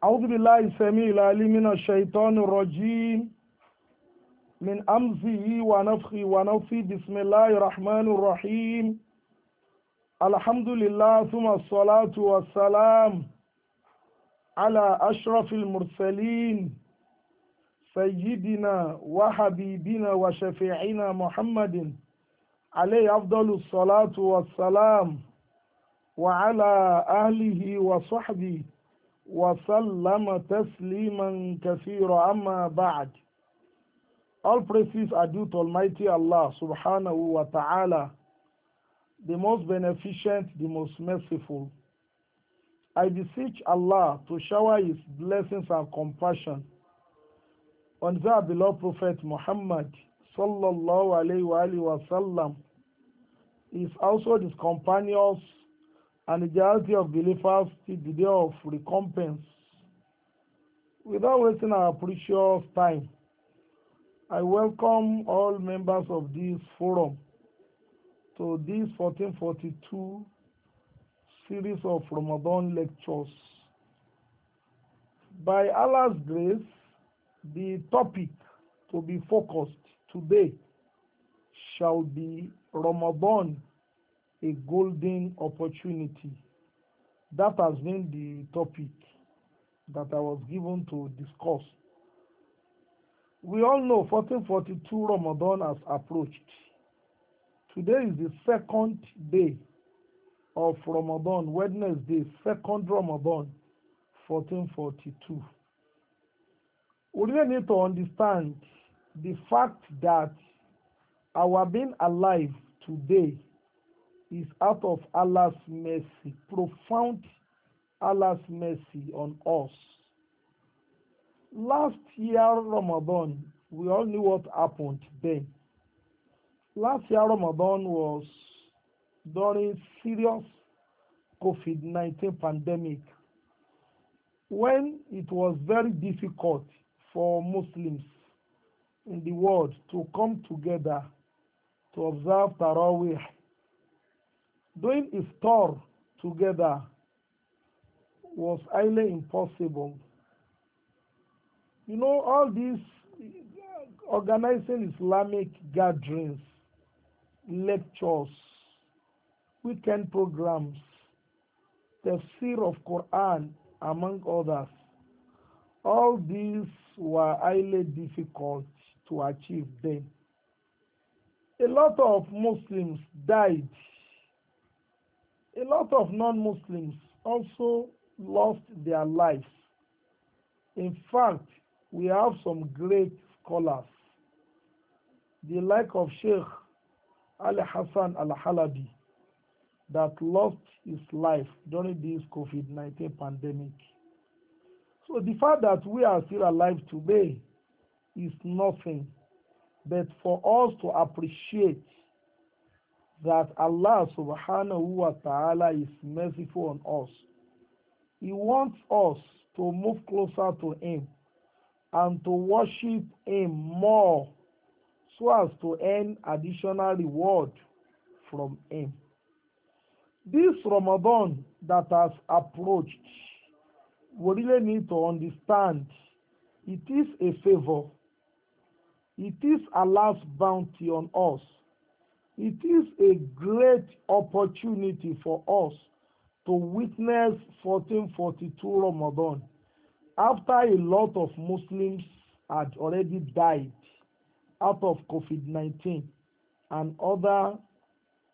أعوذ بالله السميع العليم من الشيطان الرجيم من أمزه ونفخه ونفخه بسم الله الرحمن الرحيم الحمد لله ثم الصلاة والسلام على أشرف المرسلين سيدنا وحبيبنا وشفيعنا محمد عليه أفضل الصلاة والسلام وعلى أهله وصحبه وسلم تسليما كثيرا أما بعد All praises are due to Almighty Allah subhanahu wa ta'ala, the most beneficent, the most merciful. I beseech Allah to shower His blessings and compassion on the beloved Prophet Muhammad sallallahu alayhi wa sallam, his also his companions, and the majority of believers till the day of recompense. Without wasting our precious time, I welcome all members of this forum to this 1442 series of Ramadan lectures. By Allah's grace, the topic to be focused today shall be Ramadan a golden opportunity. That has been the topic that I was given to discuss. We all know 1442 Ramadan has approached. Today is the second day of Ramadan, Wednesday, second Ramadan, 1442. We really need to understand the fact that our being alive today is out of Allah's mercy, profound Allah's mercy on us. Last year, Ramadan, we all knew what happened then. Last year, Ramadan was during serious COVID-19 pandemic when it was very difficult for Muslims in the world to come together to observe Taraweeh Doing iftar together was highly impossible. You know, all these uh, organizing Islamic gatherings, lectures, weekend programs, the tafsir of Quran, among others, all these were highly difficult to achieve then. A lot of Muslims died a lot of non-Muslims also lost their lives. In fact, we have some great scholars, the like of Sheikh Ali Hassan Al-Halabi, that lost his life during this COVID-19 pandemic. So the fact that we are still alive today is nothing but for us to appreciate that Allah subhanahu wa ta'ala is merciful on us. He wants us to move closer to Him and to worship Him more so as to earn additional reward from Him. This Ramadan that has approached, we really need to understand it is a favor. It is Allah's bounty on us it is a great opportunity for us to witness 1442 Ramadan after a lot of Muslims had already died out of COVID 19 and other,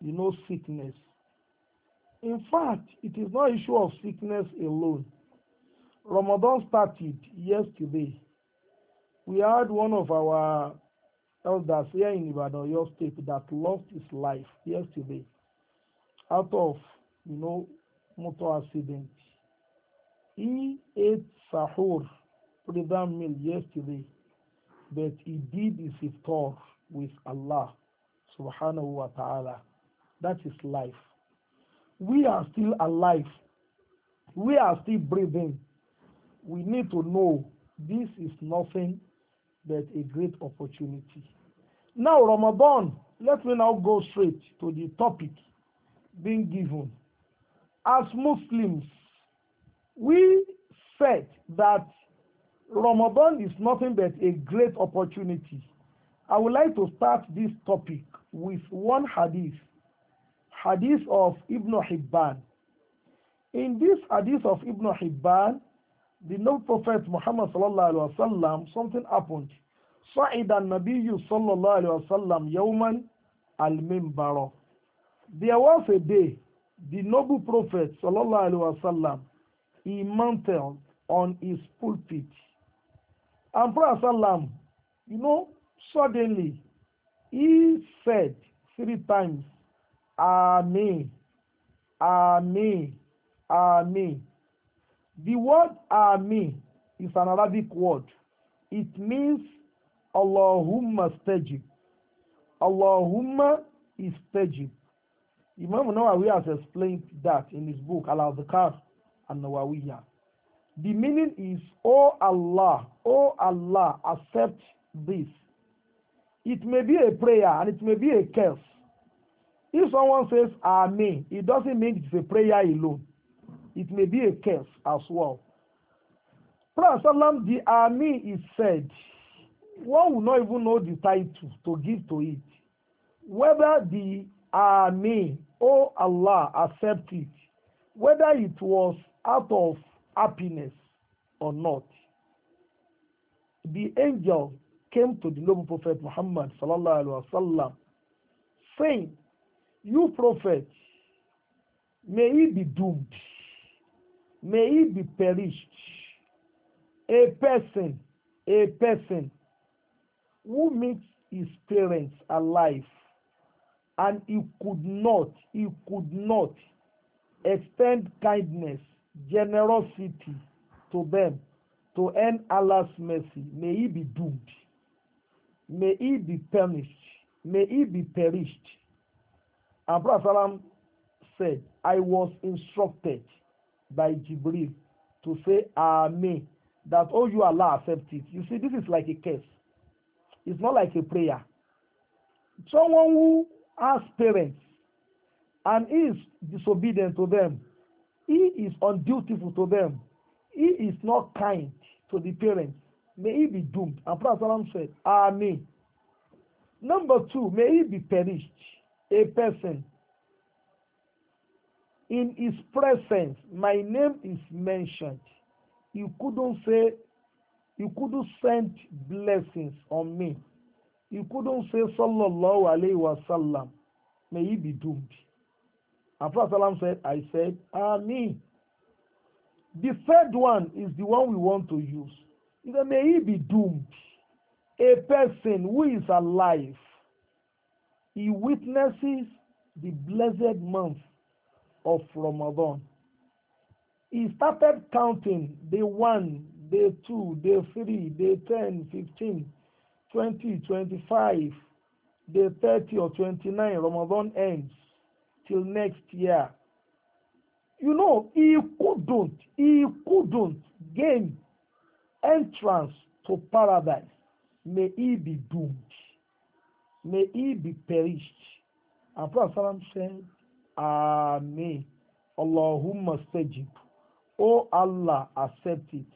you know, sickness. In fact, it is not issue of sickness alone. Ramadan started yesterday. We had one of our elders here in Ibadan, your state, that lost his life yesterday out of, you know, motor accident. He ate sahur, prison meal yesterday, but he did his iftar with Allah subhanahu wa ta'ala. That is life. We are still alive. We are still breathing. We need to know this is nothing but a great opportunity. Now, Ramadan, let me now go straight to the topic being given. As Muslims, we said that Ramadan is nothing but a great opportunity. I would like to start this topic with one hadith, hadith of Ibn Hibban. In this hadith of Ibn Hibban, the noble prophet Muhammad sallallahu alaihi wasallam, something happened. صعد النبي صلى الله عليه وسلم يوما المنبر There was a day the noble prophet صلى الله عليه وسلم he mounted on his pulpit. And Prophet Sallam, you know, suddenly he said three times, Amen, Amen, Amen. The word Amen is an Arabic word. It means Allahumma stajib. Allahumma istajib. Imam Nawawi has explained that in his book, Al-Azkar and nawawiyya The meaning is, O oh Allah, O oh Allah, accept this. It may be a prayer and it may be a curse. If someone says Amen, it doesn't mean it's a prayer alone. It may be a curse as well. Prophet the Amen is said one will not even know the title to give to it. Whether the Amen, or Allah, accept it, whether it was out of happiness or not. The angel came to the noble prophet Muhammad sallallahu saying, "You prophet, may he be doomed, may he be perished. A person, a person who meets his parents alive and he could not he could not extend kindness generosity to them to earn Allah's mercy may he be doomed may he be punished may he be perished and Prophet said I was instructed by Jibril to say Ameen that oh you Allah accept it you see this is like a case. It's not like a prayer. Someone who has parents and is disobedient to them, he is undutiful to them, he is not kind to the parents, may he be doomed. And Prophet said, Amen. Number two, may he be perished. A person in his presence, my name is mentioned. You couldn't say you couldn't send blessings on me. You couldn't say, Sallallahu Alaihi Wasallam, may he be doomed. And Prophet said, I said, Ameen. The third one is the one we want to use. He said, may he be doomed. A person who is alive, he witnesses the blessed month of Ramadan. He started counting the one day 2 day 3 day 10 15 20 25 day 30 or 29 ramadan ends till next year you know he couldn't he couldn't gain entrance to paradise may he be doomed may he be perished and prophet said amen allahumma stajib oh allah accept it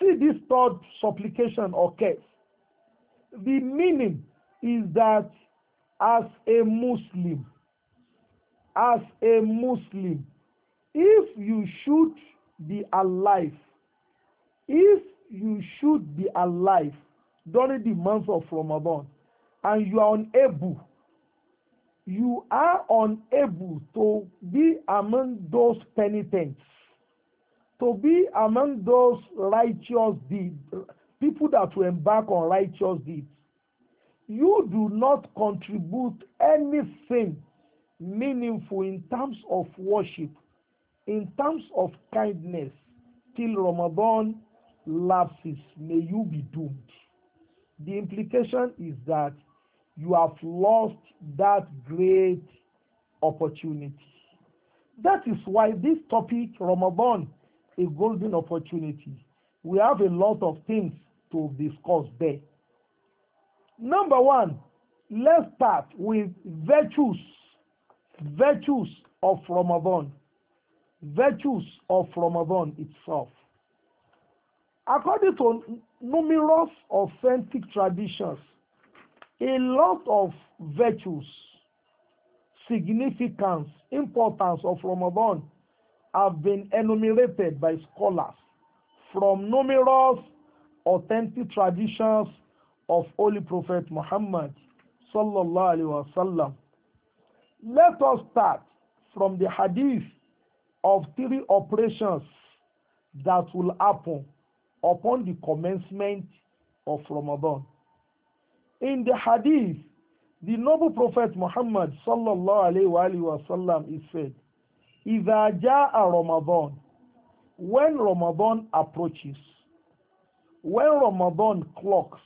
See this third supplication or case. The meaning is that as a Muslim, as a Muslim, if you should be alive, if you should be alive during the month of Ramadan and you are unable, you are unable to be among those penitents to be among those righteous deeds, people that will embark on righteous deeds, you do not contribute anything meaningful in terms of worship, in terms of kindness, till Ramadan lapses, may you be doomed. The implication is that you have lost that great opportunity. That is why this topic, Ramadan, a golden opportunity. We have a lot of things to discuss there. Number one, let's start with virtues. Virtues of Ramadan. Virtues of Ramadan itself. According to numerous authentic traditions, a lot of virtues, significance, importance of Ramadan have been enumerated by scholars from numerous authentic traditions of Holy Prophet Muhammad sallallahu alaihi wasallam. Let us start from the hadith of three operations that will happen upon the commencement of Ramadan. In the hadith, the noble prophet Muhammad sallallahu alaihi wasallam is said, Ivaja Ramadan. When Ramadan approaches, when Ramadan clocks,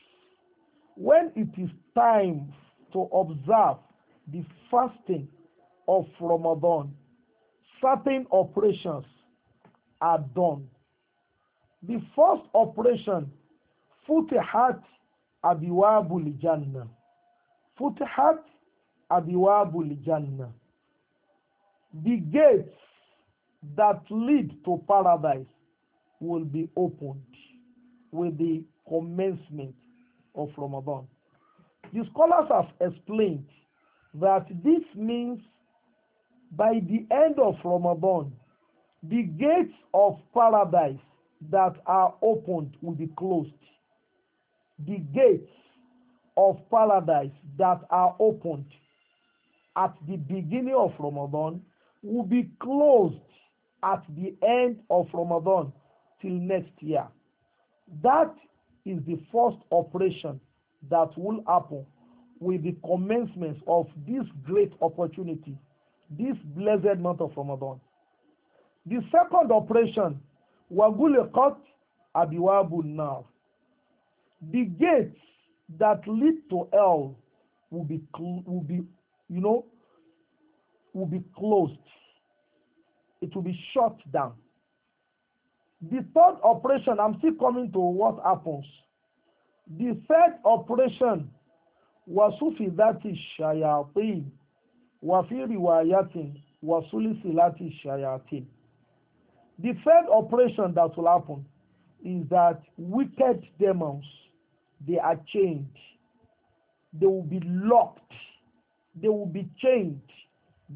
when it is time to observe the fasting of Ramadan, certain operations are done. The first operation, Futihat Abiwabul Jannah. Futihat Abiwabul Jannah the gates that lead to paradise will be opened with the commencement of Ramadan. The scholars have explained that this means by the end of Ramadan, the gates of paradise that are opened will be closed. The gates of paradise that are opened at the beginning of Ramadan will be closed at the end of Ramadan till next year. That is the first operation that will happen with the commencement of this great opportunity, this blessed month of Ramadan. The second operation, Waguliqat Abiwabu now. The gates that lead to hell will be, will be, you know, will be closed. It will be shut down. The third operation, I'm still coming to what happens. The third operation was Sufidati Shayatin, Wafiri Wayatin, silati Shayatin. The third operation that will happen is that wicked demons, they are chained. They will be locked. They will be chained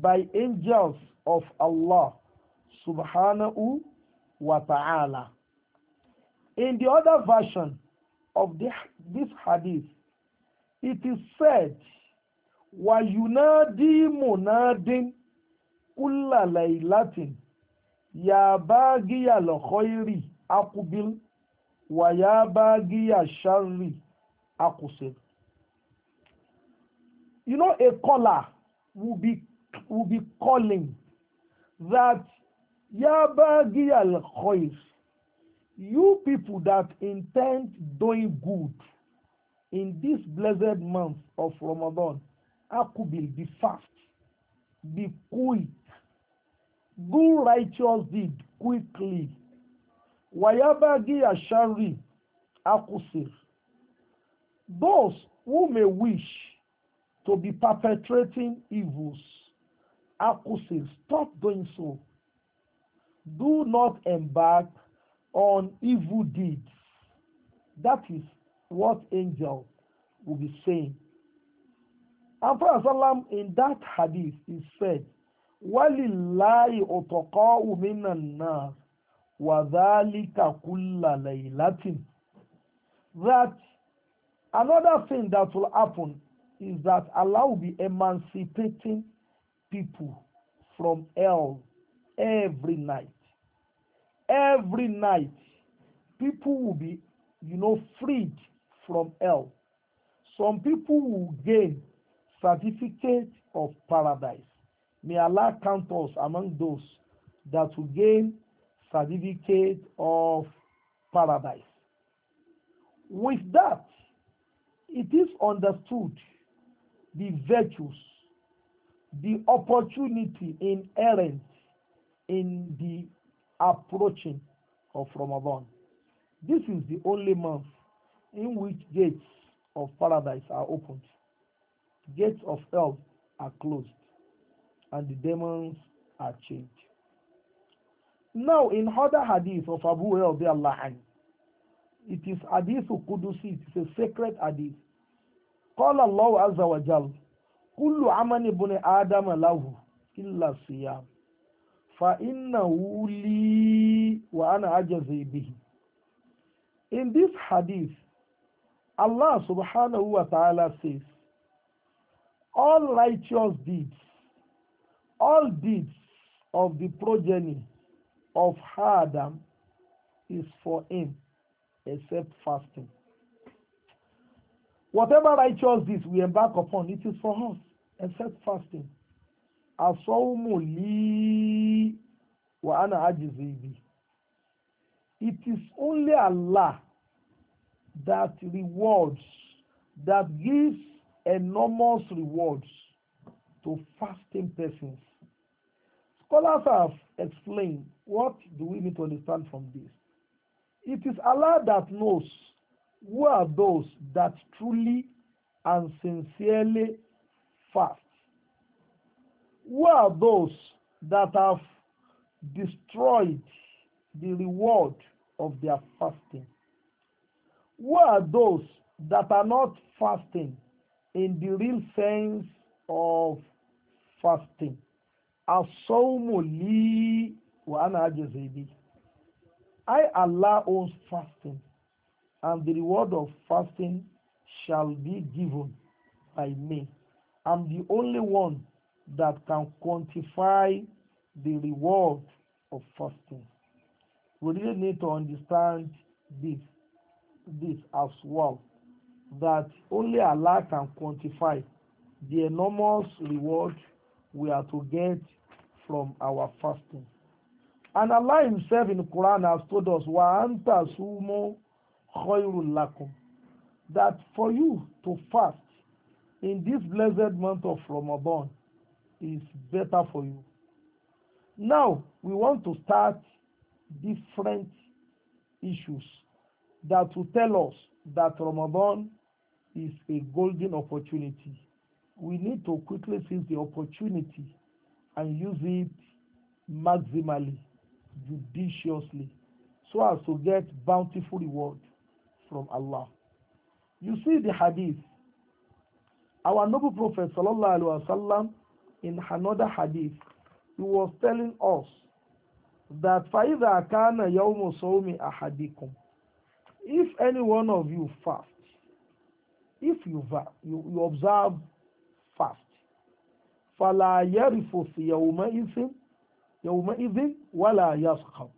by angels of Allah subhanahu wa ta'ala. In the other version of the, this hadith, it is said, وَيُنَادِي مُنَادٍ كُلَّ لَيْلَةٍ يَا بَاغِيَ الْخَيْرِ أَقْبِلْ وَيَا بَاغِيَ الشَّرِّ أَقْصِرْ You know, a caller will be will be calling that Yabagi al Khoif, you people that intend doing good in this blessed month of Ramadan, Akubil, be fast, be quick, do righteous deed quickly. Wayabagi Ashari, Akusir. Those who may wish to be perpetrating evils akusil, stop doing so. Do not embark on evil deeds. That is what angel will be saying. And Prophet Sallam in that hadith is said, وَلِلَّهِ أُتَقَاءُ مِنَ النَّارِ وَذَلِكَ كُلَّ لَيْلَةٍ That another thing that will happen is that Allah will be emancipating people from hell every night. Every night, people will be, you know, freed from hell. Some people will gain certificate of paradise. May Allah count us among those that will gain certificate of paradise. With that, it is understood the virtues the opportunity inherent in the approaching of Ramadan. This is the only month in which gates of paradise are opened, gates of hell are closed, and the demons are chained. Now, in other hadith of Abu Hurairah, it is hadith Qudusi, it is a sacred hadith. Call Allah Al وجل kullu amali bune adama lahu illa fa inna wa ana ajazi bihi in this hadith allah subhanahu wa ta'ala says all righteous deeds all deeds of the progeny of adam is for him except fasting Whatever righteousness we embark upon, it is for us, except fasting. It is only Allah that rewards, that gives enormous rewards to fasting persons. Scholars have explained what do we need to understand from this. It is Allah that knows who are those that truly and sincerely fast? Who are those that have destroyed the reward of their fasting? Who are those that are not fasting in the real sense of fasting? Asawmu li wa I Allah owns fasting and the reward of fasting shall be given by me. I'm the only one that can quantify the reward of fasting. We really need to understand this, this as well, that only Allah can quantify the enormous reward we are to get from our fasting. And Allah Himself in the Quran has told us, Wa anta khayrun lakum that for you to fast in this blessed month of Ramadan is better for you. Now, we want to start different issues that will tell us that Ramadan is a golden opportunity. We need to quickly seize the opportunity and use it maximally, judiciously, so as to get bountiful reward from Allah. You see the hadith. Our noble prophet sallallahu alaihi wasallam in another hadith, he was telling us that فَإِذَا كَانَ يَوْمُ صَوْمِ أَحَدِكُمْ If any one of you fast, if you, you, you observe fast, فَلَا يَرِفُثْ يَوْمَئِذٍ يَوْمَئِذٍ وَلَا يَسْخَبْ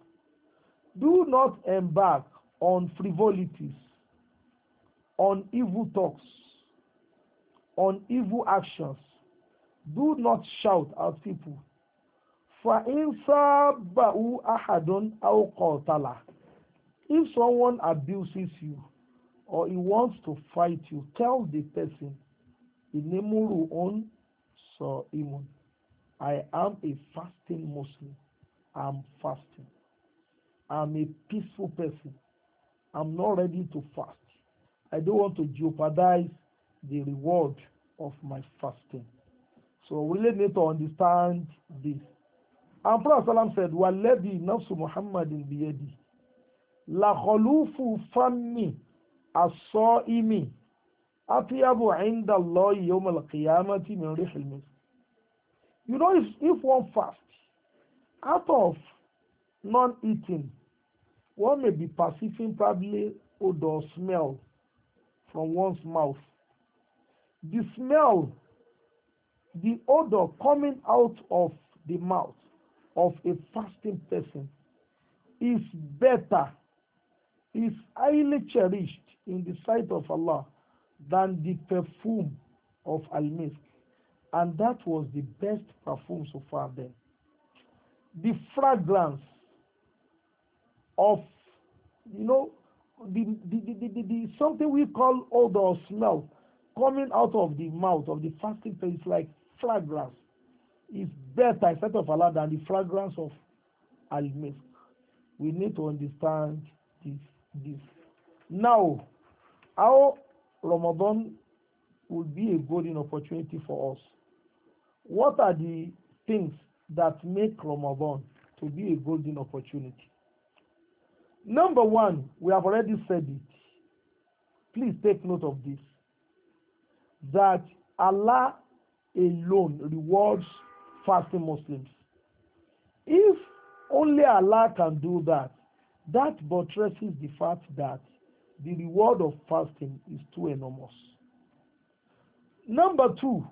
Do not embark on frivolities on evil talks, on evil actions. Do not shout at people. If someone abuses you or he wants to fight you, tell the person, I am a fasting Muslim. I'm fasting. I'm a peaceful person. I'm not ready to fast. I don't want to jeopardize the reward of my fasting. So we really need to understand this. And Prophet Salam said, Waladi nafsu Muhammadin biyadi. La kholufu fammi as-sa'imi atyabu inda Allah yawm al-qiyamati min rih You know, if, if one fasts, out of non-eating, one may be perceiving probably odor smell from one's mouth. The smell, the odor coming out of the mouth of a fasting person is better, is highly cherished in the sight of Allah than the perfume of al-misk. And that was the best perfume so far then. The fragrance of, you know, the, the, the, the, the something we call odor or smell coming out of the mouth of the fasting place like fragrance. is better instead of Allah than the fragrance of al-misk. We need to understand this. this. Now, how Ramadan will be a golden opportunity for us. What are the things that make Ramadan to be a golden opportunity? Number one, we have already said it. Please take note of this that Allah alone rewards fasting Muslims. If only Allah can do that, that buttresses the fact that the reward of fasting is too enormous. Number two,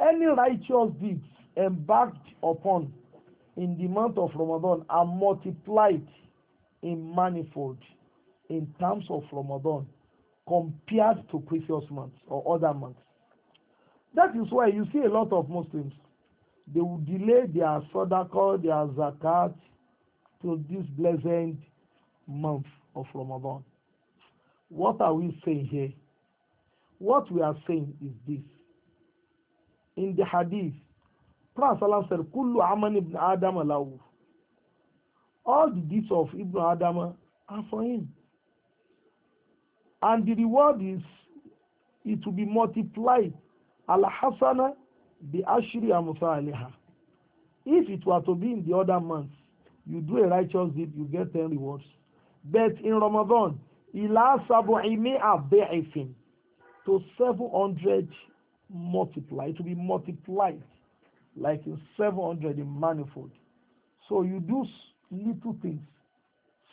any righteous deeds embarked upon in the month of Ramadan are multiplied in manifold in terms of Ramadan compared to previous months or other months. That is why you see a lot of Muslims, they will delay their sadaqah, their zakat to this blessed month of Ramadan. What are we saying here? What we are saying is this. In the hadith, Prophet said, Kullu aman ibn Adam alawu. All the deeds of Ibn Adama are for him. And the reward is it will be multiplied. Al Hasana bi Ashri Amsaliha. If it were to be in the other months, you do a righteous deed, you get 10 rewards. But in Ramadan, ila sabu'imi'a bi'ifin to 700 multiplied, will be multiplied like in 700 in manifold. So you do little things,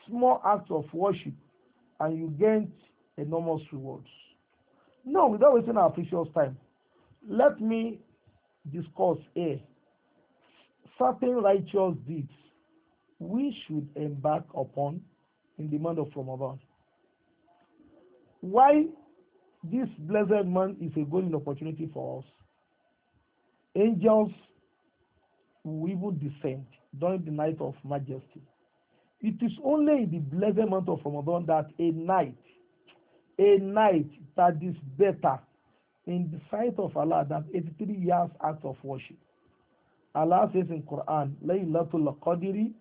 small acts of worship, and you gain enormous rewards. Now, without wasting our precious time, let me discuss a certain righteous deeds we should embark upon in the month of Ramadan. Why this blessed month is a golden opportunity for us. Angels will even descend during the night of majesty. It is only in the blessed month of Ramadan that a night, a night that is better in the sight of Allah than 83 years acts of worship. Allah says in Quran, Laylatul Qadri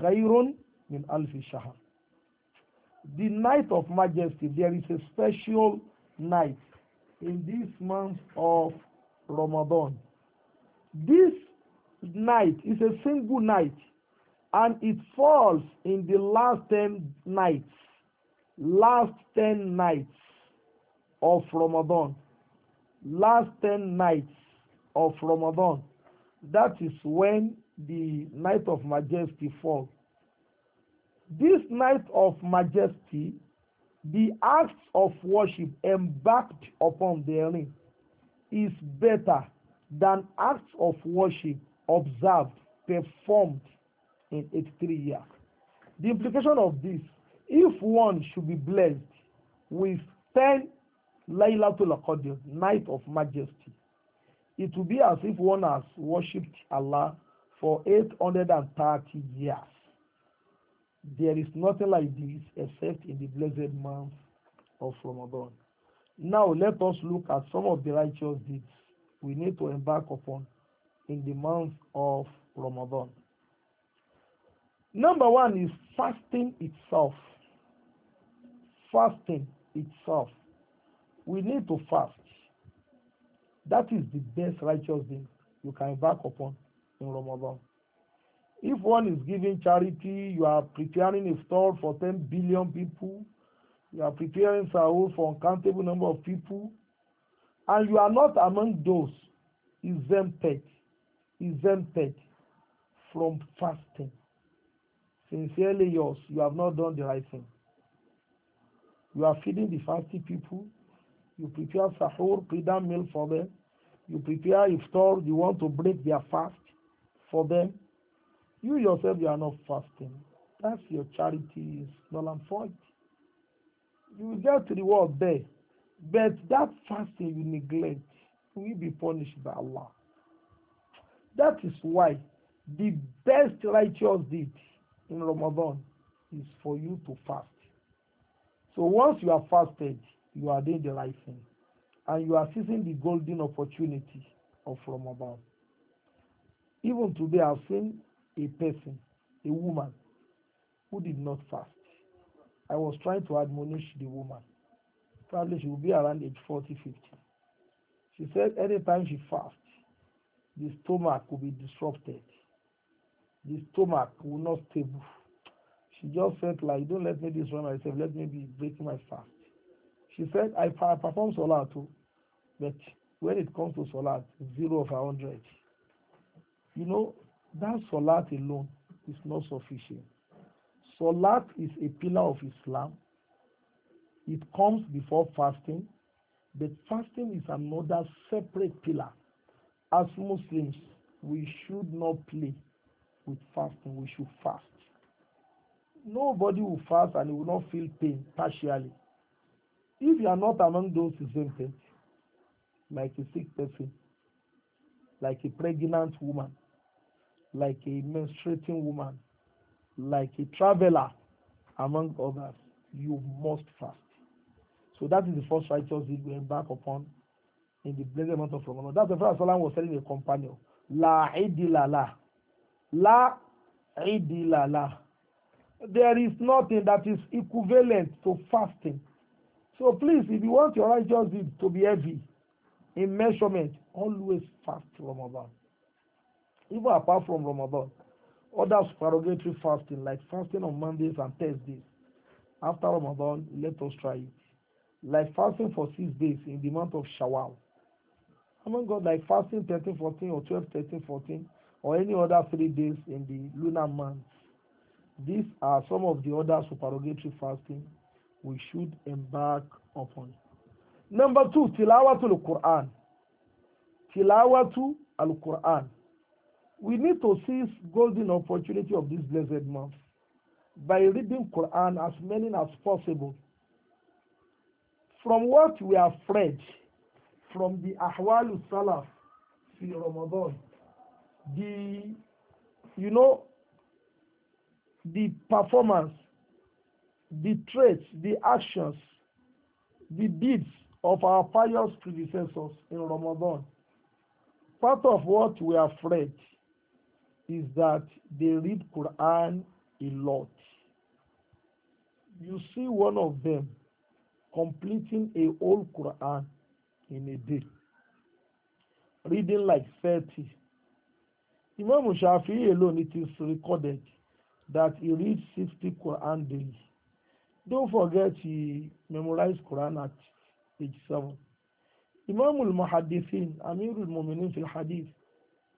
khayrun min alfi shahr. The night of majesty, there is a special night in this month of Ramadan. This night is a single night and it falls in the last 10 nights last 10 nights of Ramadan last 10 nights of Ramadan that is when the night of majesty falls this night of majesty the acts of worship embarked upon therein is better than acts of worship observed, performed in 83 years. The implication of this, if one should be blessed with 10 Laylatul Qadr, night of majesty, it will be as if one has worshipped Allah for 830 years. There is nothing like this except in the blessed month of Ramadan. Now let us look at some of the righteous deeds we need to embark upon in the month of Ramadan. Number one is fasting itself. Fasting itself. We need to fast. That is the best righteous thing you can embark upon in Ramadan. If one is giving charity, you are preparing a store for 10 billion people, you are preparing sahur for uncountable number of people, and you are not among those exempted exempted from fasting. Sincerely yours, you have not done the right thing. You are feeding the fasting people. You prepare sahur, pre-dawn meal for them. You prepare iftar, you want to break their fast for them. You yourself, you are not fasting. That's your charity is null and void. You will get to the world there. But that fasting you neglect will be punished by Allah. That is why the best righteous deed in Ramadan is for you to fast. So once you are fasted, you are doing the right thing. And you are seizing the golden opportunity of Ramadan. Even today, I've seen a person, a woman, who did not fast. I was trying to admonish the woman. Probably she will be around age 40, 50. She said anytime she fasts, the stomach will be disrupted. The stomach will not stable. She just felt like, don't let me destroy myself, let me be breaking my fast. She said, I perform solat too, but when it comes to Salah, zero of a hundred. You know, that solat alone is not sufficient. Solat is a pillar of Islam. It comes before fasting, but fasting is another separate pillar as Muslims, we should not play with fasting. We should fast. Nobody will fast and will not feel pain partially. If you are not among those exempted, like a sick person, like a pregnant woman, like a menstruating woman, like a traveler, among others, you must fast. So that is the first righteous deed we embark upon in the blessed month of Ramadan. That's the first Salam was telling a companion. La idilala. La idilala. There is nothing that is equivalent to fasting. So please, if you want your righteous deed to be heavy in measurement, always fast Ramadan. Even apart from Ramadan, other supererogatory fasting, like fasting on Mondays and Thursdays, after Ramadan, let us try it. Like fasting for six days in the month of Shawwal, among God like fasting 13, 14 or 12, 13, 14 or any other three days in the lunar month. These are some of the other supererogatory fasting we should embark upon. Number two, tilawatul Quran. Tilawatul al Quran. We need to seize golden opportunity of this blessed month by reading Quran as many as possible. From what we are afraid, from the Ahwalu Salaf fi Ramadan. The, you know, the performance, the traits, the actions, the deeds of our pious predecessors in Ramadan. Part of what we are afraid is that they read Quran a lot. You see one of them completing a whole Quran in a day, reading like 30. Imam Shafi'i alone, it is recorded that he reads 60 Quran daily. Don't forget he memorized Quran at age 7. Imam al-Muhaddithin, Amir al-Muminin fil Hadith,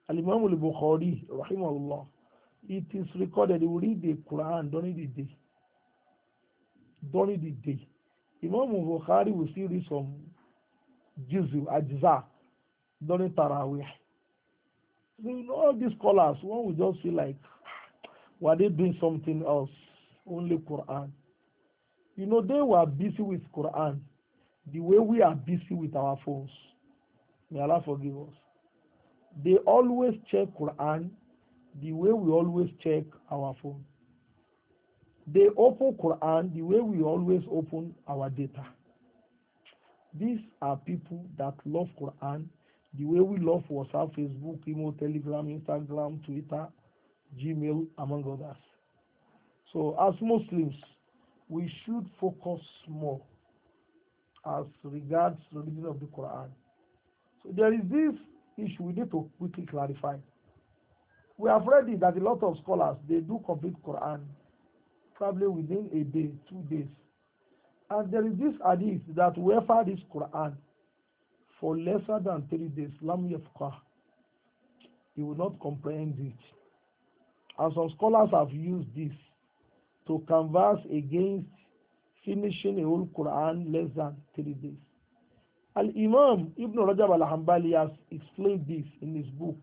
al-Imam al-Bukhari, rahimahullah, it is recorded he will read the Quran during the day. During the day. Imam al-Bukhari will still read some Jizu Ajiza during Tarawih. So all these scholars, one would just feel like, were they doing something else? Only Quran. You know, they were busy with Quran the way we are busy with our phones. May Allah forgive us. They always check Quran the way we always check our phone. They open Quran the way we always open our data. These are people that love Quran the way we love WhatsApp, Facebook, email, Telegram, Instagram, Twitter, Gmail, among others. So as Muslims, we should focus more as regards the reading of the Quran. So there is this issue we need to quickly clarify. We have read that a lot of scholars they do complete Quran probably within a day, two days. And there is this hadith that whoever reads Quran for lesser than three days, Lam Yafqa, he will not comprehend it. And some scholars have used this to converse against finishing a whole Quran less than three days. Al-Imam Ibn Rajab al-Hambali has explained this in his book,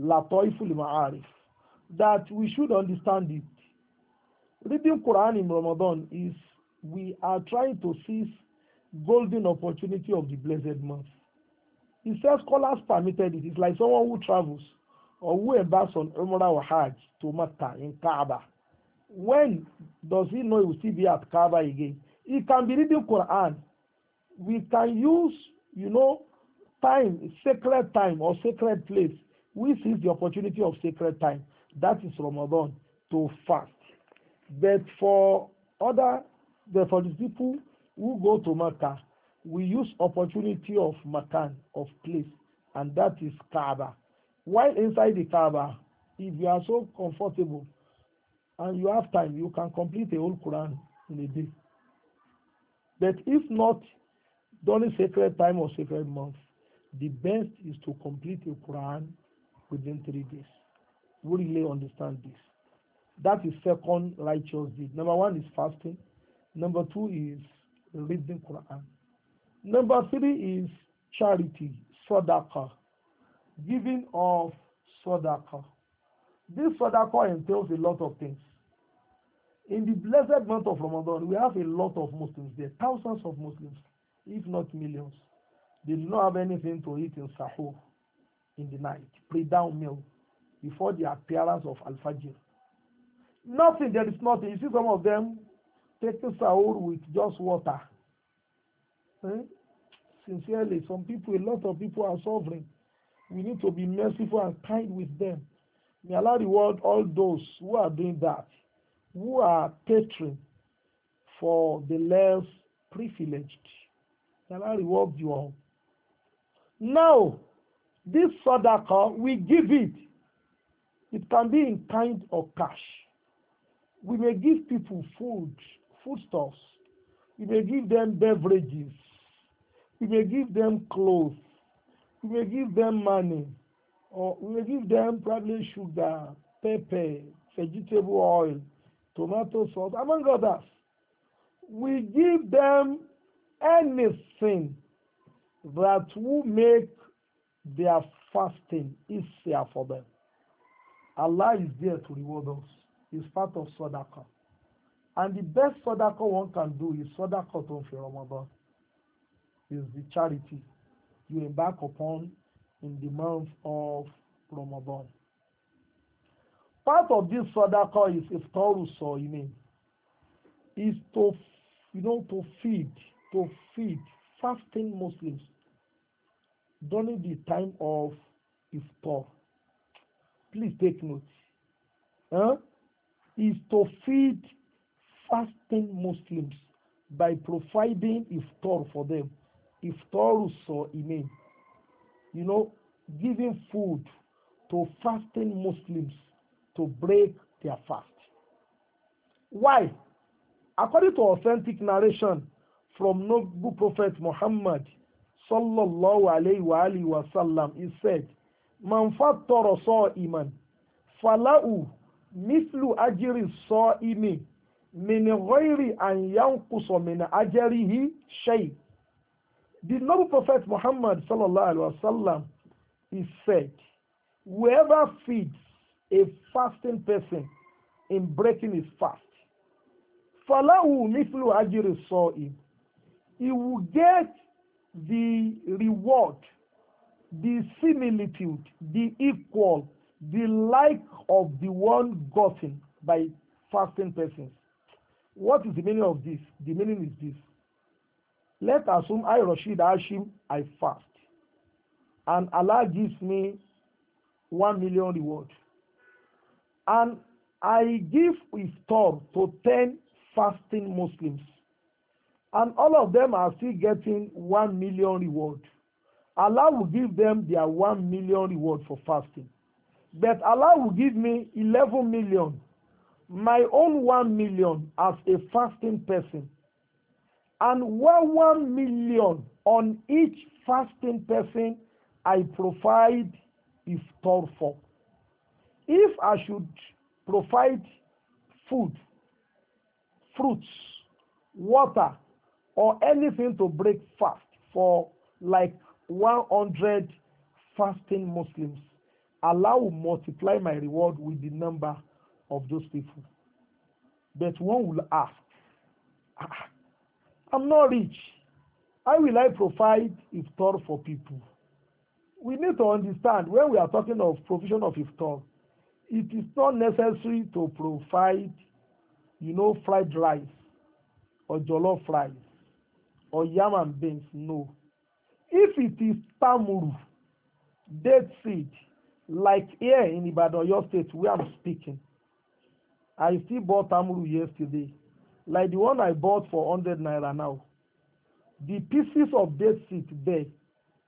Latoiful Ma'arif, that we should understand it. Reading Quran in Ramadan is we are trying to seize golden opportunity of the blessed month. He says scholars permitted it. It's like someone who travels or who embarks on Umrah or Hajj to Mecca in Kaaba. When does he know he will still be at Kaaba again? He can be reading Quran. We can use, you know, time, sacred time or sacred place. We seize the opportunity of sacred time. That is Ramadan to fast. But for other Therefore, the people who go to Makkah, we use opportunity of Makan, of place, and that is Kaaba. While inside the Kaaba, if you are so comfortable and you have time, you can complete the whole Quran in a day. But if not, during sacred time or sacred month, the best is to complete the Quran within three days. We really understand this. That is second righteous deed. Number one is fasting. Number two is reading Quran. Number three is charity, sadaqah, giving of sadaqah. This sadaqah entails a lot of things. In the blessed month of Ramadan, we have a lot of Muslims there, thousands of Muslims, if not millions. They do not have anything to eat in sahur, in the night, pre-down meal, before the appearance of Al-Fajr. Nothing, there is nothing. You see some of them, taking sahur with just water. Eh? Sincerely, some people, a lot of people are suffering. We need to be merciful and kind with them. May Allah reward all those who are doing that, who are catering for the less privileged. May Allah reward you all. Now, this sadaqah, we give it. It can be in kind or cash. We may give people food foodstuffs. You may give them beverages. You may give them clothes. You may give them money. Or you may give them probably sugar, pepper, vegetable oil, tomato sauce, among others. We give them anything that will make their fasting easier for them. Allah is there to reward us. It's part of Sadaqah. And the best sadaqah one can do is sadaqah on ń Ramadan is the charity you embark upon in the month of Ramadan. Part of this sadaqah is iftaru soimin is to you know to feed to feed fasting Muslims during the time of iftar. Please take note. Huh? Is to feed fasting Muslims by providing iftar for them. Iftar so imen. You know, giving food to fasting Muslims to break their fast. Why? According to authentic narration from noble prophet Muhammad sallallahu alayhi wa wa sallam, he said, Man fattara iman, falau mithlu saw sa'imi minighoiri an yankuso min ajarihi shay. The noble prophet Muhammad sallallahu alaihi wasallam he said, whoever feeds a fasting person in breaking his fast, falahu mithlu ajri sa'i. He will get the reward, the similitude, the equal, the like of the one gotten by fasting persons. What is the meaning of this? The meaning is this. Let's assume I, Rashid Hashim, I fast. And Allah gives me 1 million reward. And I give iftar to 10 fasting Muslims. And all of them are still getting 1 million reward. Allah will give them their 1 million reward for fasting. But Allah will give me 11 million my own 1 million as a fasting person and one 1 million on each fasting person I provide iftar for. If I should provide food, fruits, water, or anything to break fast for like 100 fasting Muslims, Allah will multiply my reward with the number of those people. But one will ask, ah, I'm not rich. How will I provide iftar for people? We need to understand when we are talking of provision of iftar, it is not necessary to provide, you know, fried rice or jollof rice or yam and beans. No. If it is tamuru, dead seed, like here in Ibadan, your state, where I'm speaking, I still bought tamuru yesterday, like the one I bought for 100 naira now. The pieces of date seed there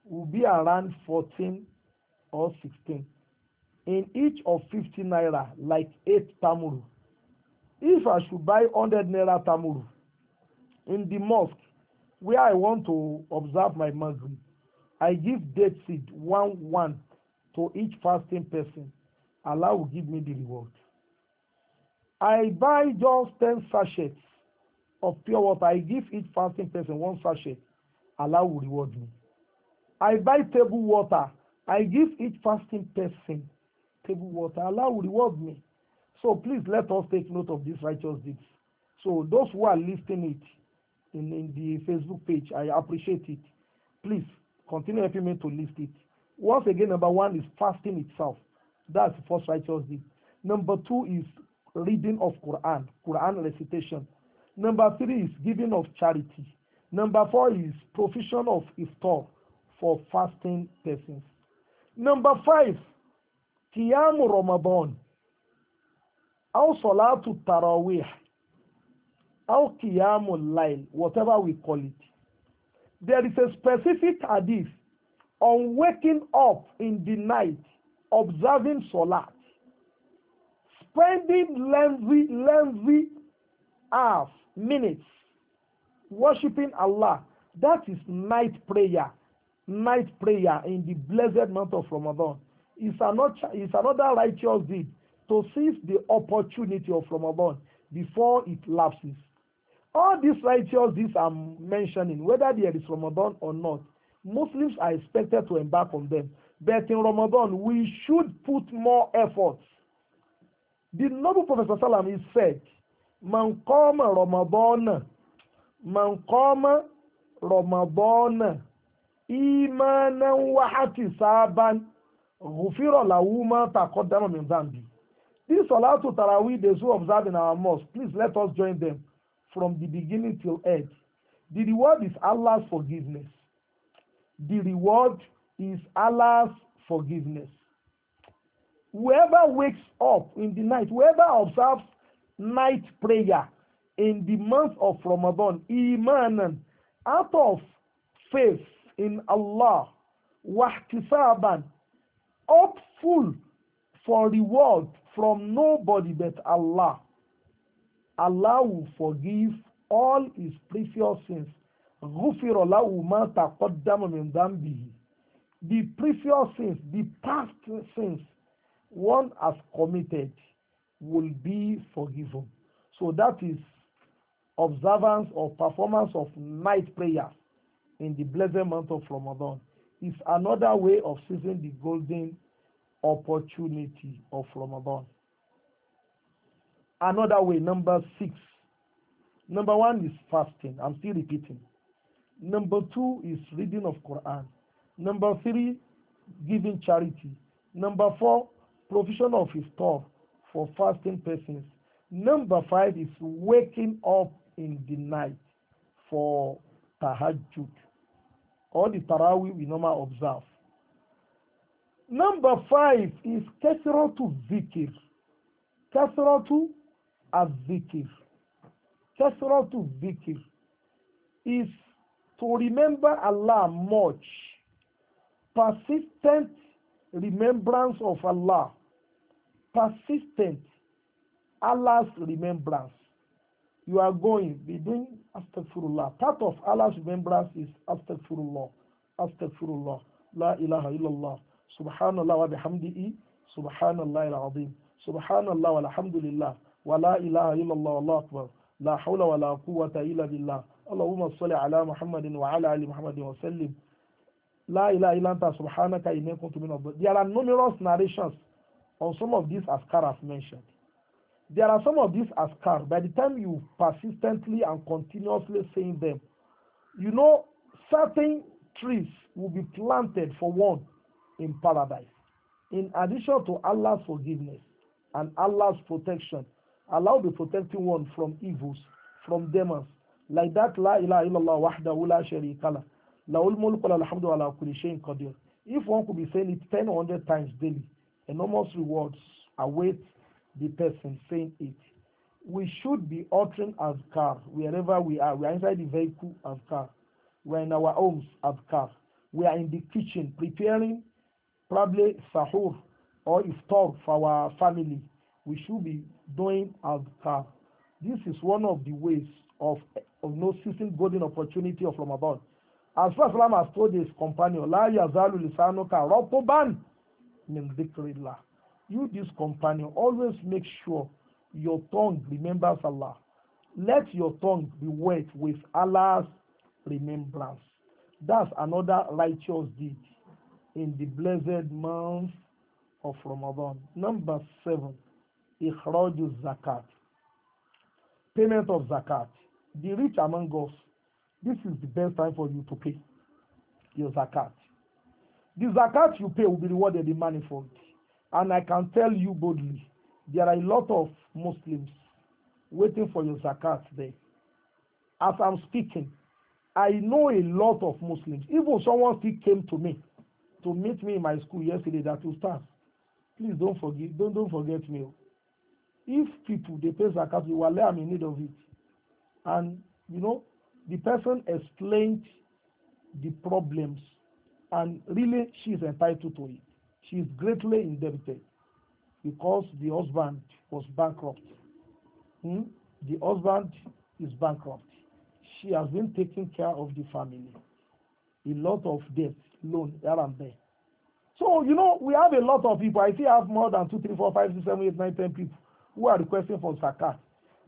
will be around 14 or 16. In each of 50 naira, like 8 tamuru. If I should buy 100 naira tamuru in the mosque where I want to observe my Maghrib, I give date seed one one to each fasting person. Allah will give me the reward. I buy just 10 sachets of pure water. I give each fasting person one sachet. Allah will reward me. I buy table water. I give each fasting person table water. Allah will reward me. So please let us take note of these righteous deeds. So those who are listing it in, in the Facebook page, I appreciate it. Please continue helping me to list it. Once again, number one is fasting itself. That's the first righteous deed. Number two is reading of Quran, Quran recitation. Number three is giving of charity. Number four is provision of iftar for fasting persons. Number five, Qiyam Ramadan. Our Salatu Tarawih. Our Qiyamul Lail, whatever we call it. There is a specific hadith on waking up in the night, observing Salat spending lengthy, lengthy hours, minutes worshiping Allah. That is night prayer. Night prayer in the blessed month of Ramadan. It's another, it's another righteous deed to seize the opportunity of Ramadan before it lapses. All these righteous deeds I'm mentioning, whether there is Ramadan or not, Muslims are expected to embark on them. But in Ramadan, we should put more efforts. The noble Prophet Salam he said, Man qama Ramadana, man qama Ramadana, imanan wa hatisaban, ghufira lahu ma taqaddama min dhanbi. This Salatu Taraweeh, those who observe in our mosque, please let us join them from the beginning till end. The reward is Allah's forgiveness. The reward is Allah's forgiveness whoever wakes up in the night, whoever observes night prayer in the month of Ramadan, Iman, out of faith in Allah, wahtisaban, hopeful for reward from nobody but Allah. Allah will forgive all his previous sins. غفر له ما تقدم من The previous sins, the past sins, one has committed will be forgiven. So that is observance or performance of night prayers in the blessed month of Ramadan. It's another way of seizing the golden opportunity of Ramadan. Another way, number six. Number one is fasting. I'm still repeating. Number two is reading of Quran. Number three, giving charity. Number four, provision of iftar for fasting persons. Number five is waking up in the night for tahajjud or the tarawih we normally observe. Number five is kasratu zikir. Kasratu azikir, zikir Kasratu zikir is to remember Allah much. Persistent remembrance of Allah persistent Allah's remembrance. You are going, be doing astaghfirullah. Part of Allah's remembrance is astaghfirullah, astaghfirullah, la ilaha illallah, subhanallah wa bihamdihi, subhanallah al-azim, subhanallah walhamdulillah, wa la ilaha illallah, Allah akbar, la hawla wa la quwwata illa billah, Allahumma salli ala Muhammadin wa ala ali Muhammadin wa sallim, la ilaha illa subhanaka inni kuntu min There are numerous narrations on some of these askar I've mentioned. There are some of these askar, by the time you persistently and continuously saying them, you know, certain trees will be planted for one in paradise. In addition to Allah's forgiveness and Allah's protection, allow the protecting one from evils, from demons. Like that, La ilaha illallah wahdahu la sharika la. Laul mulku alhamdu ala kulli shay'in qadir. If one could be saying it 10 or 100 times daily, Enormous rewards await the person saying it. We should be uttering car wherever we are. We are inside the vehicle, car. We are in our homes, car. We are in the kitchen preparing probably sahur or iftar for our family. We should be doing car. This is one of the ways of, of no seizing golden opportunity of Ramadan. As far as Islam has told his companion, La yazalu lisanuka rotoban min dhikrillah. You, this companion, always make sure your tongue remembers Allah. Let your tongue be wet with Allah's remembrance. That's another righteous deed in the blessed month of Ramadan. Number seven, ikhraju zakat. Payment of zakat. The rich among us, this is the best time for you to pay your zakat. The zakat you pay will be rewarded in manifold. And I can tell you boldly, there are a lot of Muslims waiting for your zakat there. As I'm speaking, I know a lot of Muslims. Even someone still came to me to meet me in my school yesterday that will start. Please don't forget, don't, don't forget me. If people they pay zakat, you are I'm in need of it. And you know, the person explained the problems and really she is entitled to it. She is greatly indebted because the husband was bankrupt. Hmm? The husband is bankrupt. She has been taking care of the family. A lot of debt, loan, here and there. So, you know, we have a lot of people. I see I have more than 2, 3, 4, 5, 6, 7, 8, 9, 10 people who are requesting for zakat.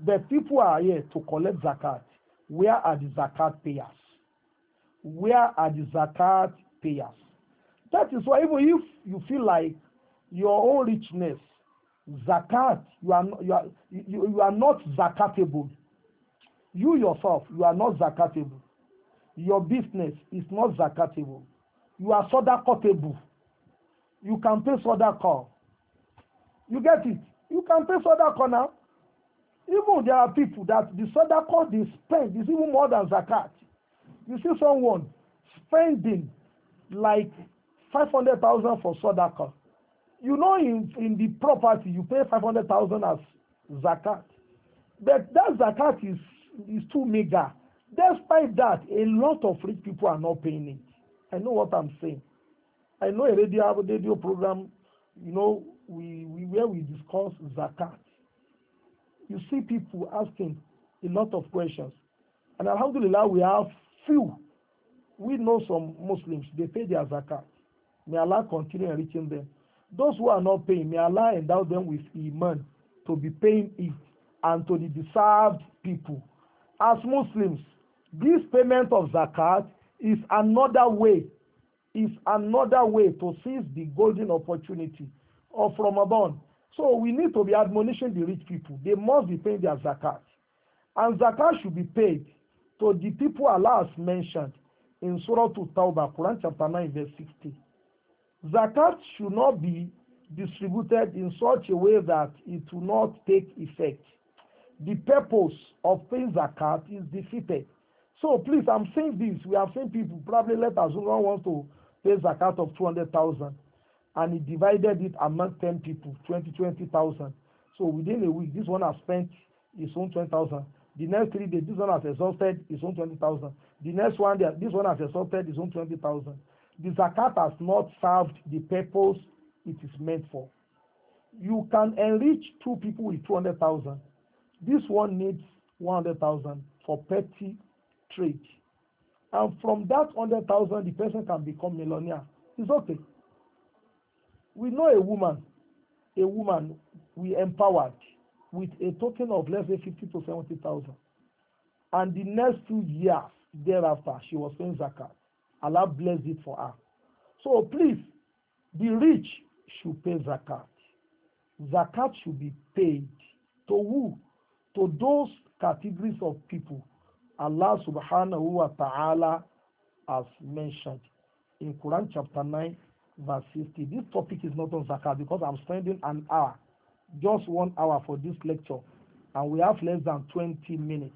The people are here to collect zakat. Where are the zakat payers? Where are the zakat Payers. That is why even if you feel like your own richness, zakat, you are, you are, you, you are not zakatable. You yourself, you are not zakatable. Your business is not zakatable. You are sodakotable. You can pay sodakot. You get it? You can pay sodakot now. Even there are people that the sodakot they spend is even more than zakat. You see someone spending like 500,000 for Sodaka. You know, in, in the property, you pay 500,000 as zakat. But that zakat is, is too mega. Despite that, a lot of rich people are not paying it. I know what I'm saying. I know a radio, a radio program, you know, we, we, where we discuss zakat. You see people asking a lot of questions. And Alhamdulillah, we have few we know some Muslims, they pay their zakat. May Allah continue enriching them. Those who are not paying, may Allah endow them with iman to be paying it and to the deserved people. As Muslims, this payment of zakat is another way, is another way to seize the golden opportunity of Ramadan. So we need to be admonishing the rich people. They must be paying their zakat. And zakat should be paid to the people Allah has mentioned in Surah to Tawbah, Quran chapter 9, verse 60. Zakat should not be distributed in such a way that it will not take effect. The purpose of paying zakat is defeated. So please, I'm saying this. We have seen people probably let us one wants to pay zakat of 200,000 and he divided it among 10 people, 20, 20,000. So within a week, this one has spent his own 20,000 the next three days, this one has exhausted his own 20,000. The next one, this one has exhausted his own 20,000. The zakat has not served the purpose it is meant for. You can enrich two people with 200,000. This one needs 100,000 for petty trade. And from that 100,000, the person can become millionaire. It's okay. We know a woman, a woman we empowered with a token of less than 50 to 70,000. And the next two years thereafter, she was paying zakat. Allah blessed it for her. So please, the rich should pay zakat. Zakat should be paid to who? To those categories of people Allah subhanahu wa ta'ala has mentioned in Quran chapter 9 verse 50. This topic is not on zakat because I'm spending an hour just one hour for this lecture and we have less than 20 minutes.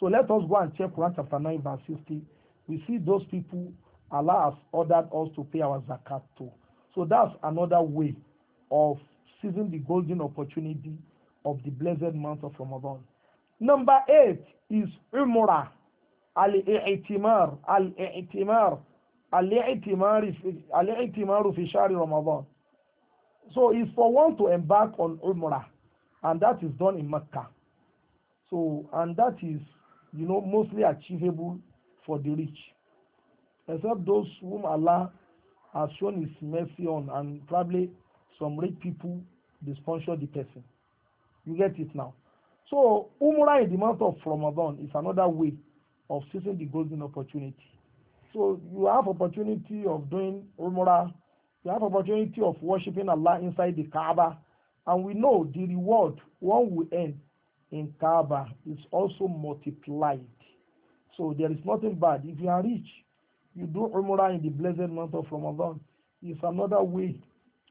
So let us go and check Quran chapter 9 verse 60. We see those people Allah has ordered us to pay our zakat to. So that's another way of seizing the golden opportunity of the blessed month of Ramadan. Number eight is Umrah. Al-i'timar. Al-i'timar. Al-i'timar fi shari Ramadan. So it's for one to embark on Umrah, and that is done in Mecca. So, and that is, you know, mostly achievable for the rich, except those whom Allah has shown His mercy on, and probably some rich people they the person. You get it now. So, Umrah in the month of Ramadan is another way of seizing the golden opportunity. So, you have opportunity of doing Umrah you have opportunity of worshiping Allah inside the Kaaba. And we know the reward one will earn in Kaaba is also multiplied. So there is nothing bad. If you are rich, you do Umrah in the blessed month of Ramadan. It's another way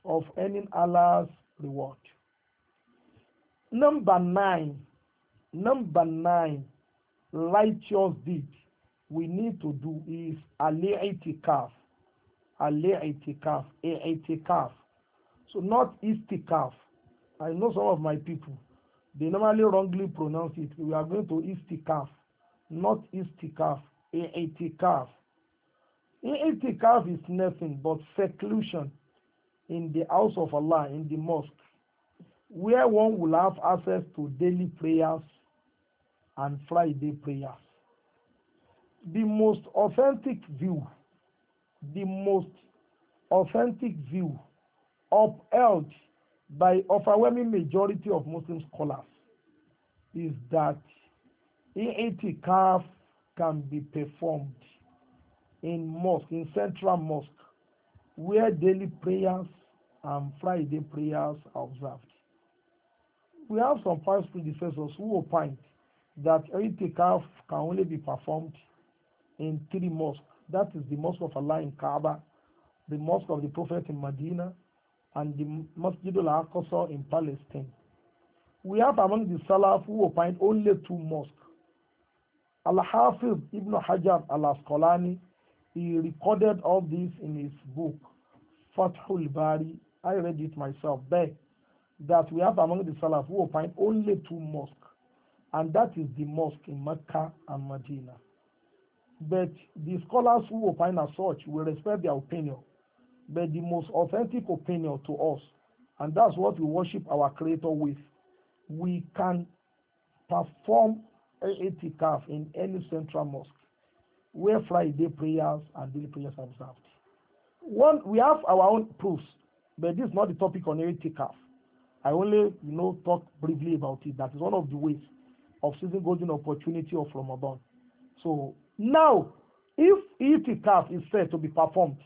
of earning Allah's reward. Number nine, number nine, righteous deed we need to do is al al-i'tikaf, So not istikaf. I know some of my people, they normally wrongly pronounce it. We are going to istikaf, not istikaf, i'tikaf. I'tikaf is nothing but seclusion in the house of Allah, in the mosque, where one will have access to daily prayers and Friday prayers. The most authentic view the most authentic view upheld by overwhelming majority of Muslim scholars is that itikaf can be performed in mosque, in central mosque, where daily prayers and Friday prayers are observed. We have some past predecessors who opined that itikaf can only be performed in three mosques that is the Mosque of Allah in Kaaba, the Mosque of the Prophet in Medina, and the Masjid al-Aqsa in Palestine. We have among the Salaf who opined only two mosques. Al-Hafiz Ibn Hajar al-Asqalani, he recorded all this in his book, Fathul Bari. I read it myself there, that we have among the Salaf who opined only two mosques, and that is the mosque in Mecca and Medina. But the scholars who opine as such will respect their opinion. But the most authentic opinion to us, and that's what we worship our Creator with, we can perform itikaf in any central mosque where Friday prayers and daily prayers are observed. One, we have our own proofs, but this is not the topic on itikaf. I only, you know, talk briefly about it. That is one of the ways of seizing golden opportunity of Ramadan. So now, if itikaf is said to be performed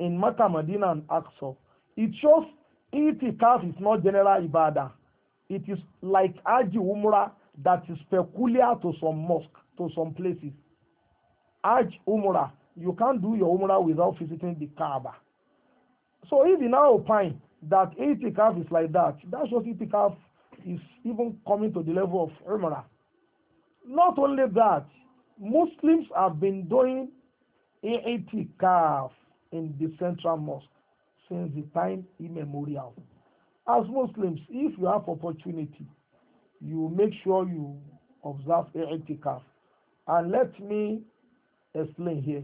in Makkah, Medina, and Aqsa, it shows itikaf is not general ibadah. It is like Haji Umrah that is peculiar to some mosque, to some places. Hajj Umrah, you can't do your Umrah without visiting the Kaaba. So if you now opine that itikaf is like that, that shows itikaf is even coming to the level of Umrah. Not only that, Muslims have been doing i'tikaf in the central mosque since the time immemorial. As Muslims, if you have opportunity, you make sure you observe i'tikaf. And let me explain here.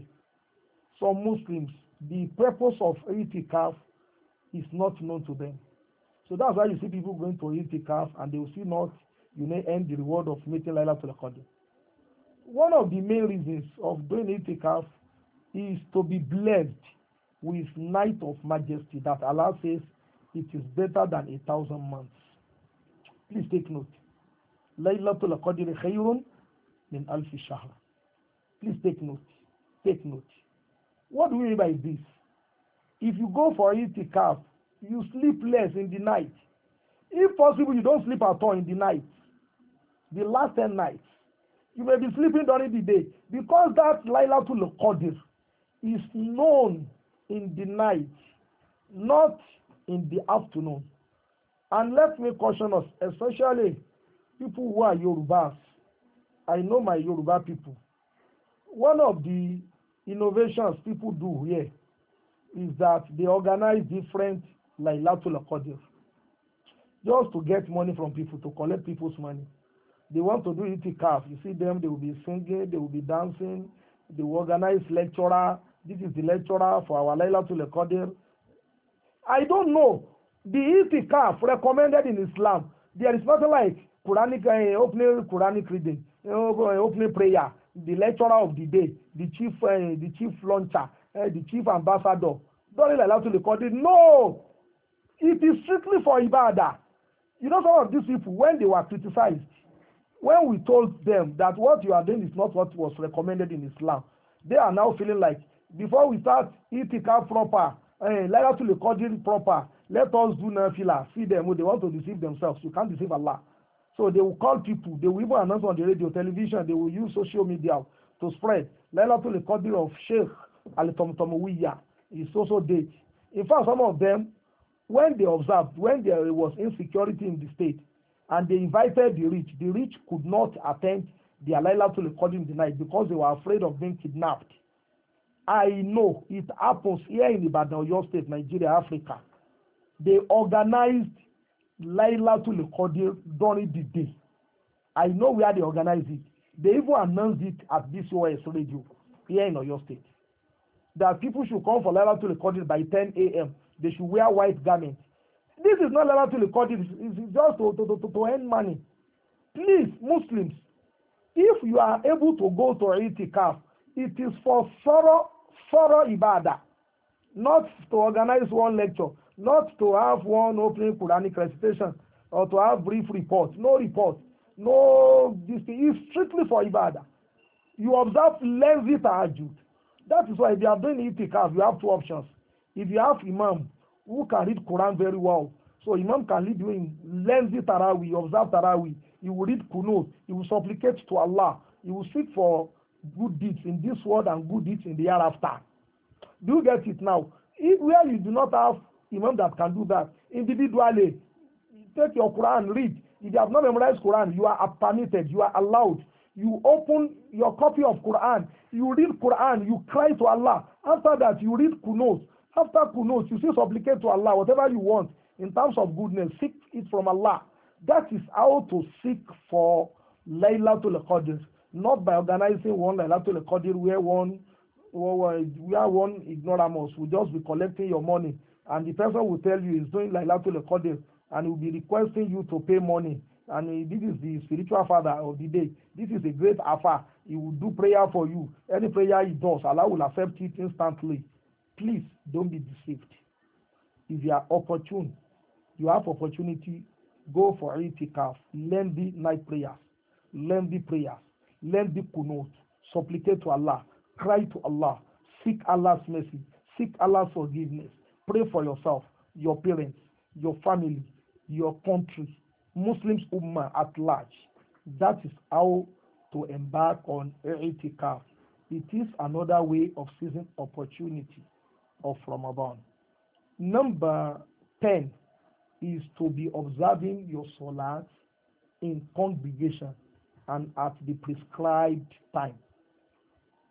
Some Muslims, the purpose of i'tikaf is not known to them. So that's why you see people going to i'tikaf and they will see not, you may end the reward of meeting Laila to the Qadr one of the main reasons of doing itikaf is to be blessed with night of majesty that Allah says it is better than a thousand months. Please take note. Laylatul Qadr khayrun min alf shahr. Please take note. Take note. What do we mean by this? If you go for itikaf, you sleep less in the night. If possible, you don't sleep at all in the night. The last 10 nights you may be sleeping during the day because that to Qadr is known in the night, not in the afternoon. And let me caution us, especially people who are Yorubas. I know my Yoruba people. One of the innovations people do here is that they organize different to Qadr just to get money from people, to collect people's money. They want to do itikaf. You see them, they will be singing, they will be dancing, they will organize lecturer. This is the lecturer for our record it. I don't know. The itikaf recommended in Islam, there is nothing like Quranic uh, opening Quranic reading, uh, opening prayer, the lecturer of the day, the chief, uh, the chief launcher, uh, the chief ambassador. Don't allow to record it. No, it is strictly for ibadah. You know, some of these people, when they were criticized, when we told them that what you are doing is not what was recommended in Islam, they are now feeling like, before we start itikaf proper, eh, let us recording proper, let us do nafila. See them, they want to deceive themselves. You can't deceive Allah. So they will call people, they will even announce on the radio, television, they will use social media to spread. the Qadr of Sheikh Al Tomtomawiya is also date. In fact, some of them, when they observed, when there was insecurity in the state, and they invited the rich. The rich could not attend the Laylatul Qadr the night because they were afraid of being kidnapped. I know it happens here in Ibadan, your state, Nigeria, Africa. They organized Lailatul Qadr during the day. I know where they organized it. They even announced it at this OS radio here in Oyo State. That people should come for Lailatul Qadr by 10 a.m. They should wear white garments this is not allowed to record. it's just to, to, to, to earn money. Please, Muslims, if you are able to go to itikaf, it is for thorough, thorough ibadah, not to organize one lecture, not to have one opening Quranic recitation, or to have brief report. No report. No, this thing is strictly for ibadah. You observe lengthy tahajjud. That is why if you are doing itikaf, you have two options. If you have imam, who can read Quran very well. So Imam can lead you in lengthy tarawih, observe tarawih. He will read kunut. He will supplicate to Allah. He will seek for good deeds in this world and good deeds in the hereafter. Do you get it now? If where you do not have Imam that can do that, individually, take your Quran, read. If you have not memorized Quran, you are permitted, you are allowed. You open your copy of Quran, you read Quran, you cry to Allah. After that, you read kunut. After kunut, you still supplicate to Allah whatever you want in terms of goodness. Seek it from Allah. That is how to seek for Laylatul Qadr, not by organizing one Laylatul Qadr where one where one ignoramus will just be collecting your money and the person will tell you he's doing Laylatul Qadr and he will be requesting you to pay money. And this is the spiritual father of the day. This is a great affair. He will do prayer for you. Any prayer he does, Allah will accept it instantly. Please don't be deceived. If you are opportune, you have opportunity, go for itikaf, learn the night prayers, learn the prayers, learn the kunut, supplicate to Allah, cry to Allah, seek Allah's mercy, seek Allah's forgiveness, pray for yourself, your parents, your family, your country, Muslims Ummah at large. That is how to embark on itikaf. It is another way of seizing opportunity of Ramadan. Number 10 is to be observing your salat in congregation and at the prescribed time.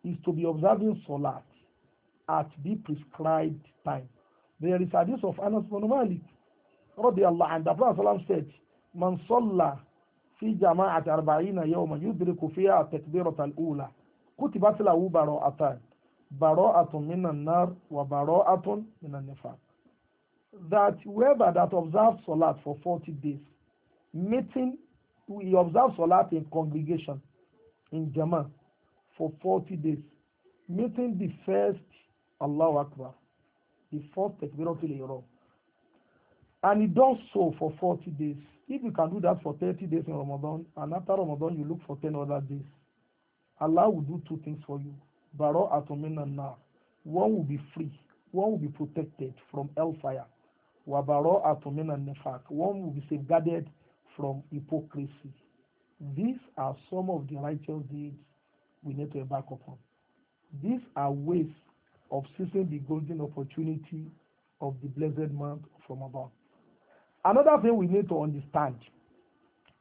Is to be observing salat at the prescribed time. There is a hadith of Anas bin Malik radiallahu anhu. The Prophet said, Man salla fi jama'at arba'ina yawman yudriku fiha al ula kutibat lahu atan." bara'atun minan nar wa bara'atun minan nifaq. That whoever that observes salat for 40 days, meeting, he observes salat in congregation, in Jama, for 40 days, meeting the first Allahu Akbar, the first Takbiratul Ihram. And he does so for 40 days. If you can do that for 30 days in Ramadan, and after Ramadan you look for 10 other days, Allah will do two things for you baro na, one will be free one will be protected from hellfire wa baro atuminanifak one will be safeguarded from hypocrisy these are some of the righteous deeds we need to embark upon these are ways of seizing the golden opportunity of the blessed month from above. Another thing we need to understand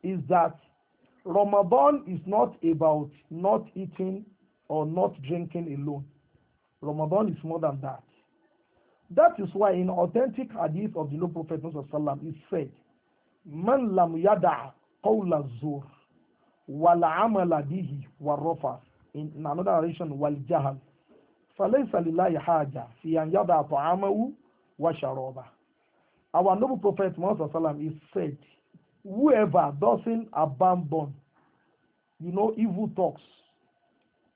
is that Ramadan is not about not eating or not drinking alone. Ramadan is more than that. That is why in authentic hadith of the Lord Prophet Muhammad it said, Man lam yada qawla zur wal amala bihi wal rafa in another narration wal jahal falaysa lillahi haja fi an yada ta'amahu wa sharaba. Our noble Prophet Muhammad is said, whoever doesn't abandon, you know, evil talks,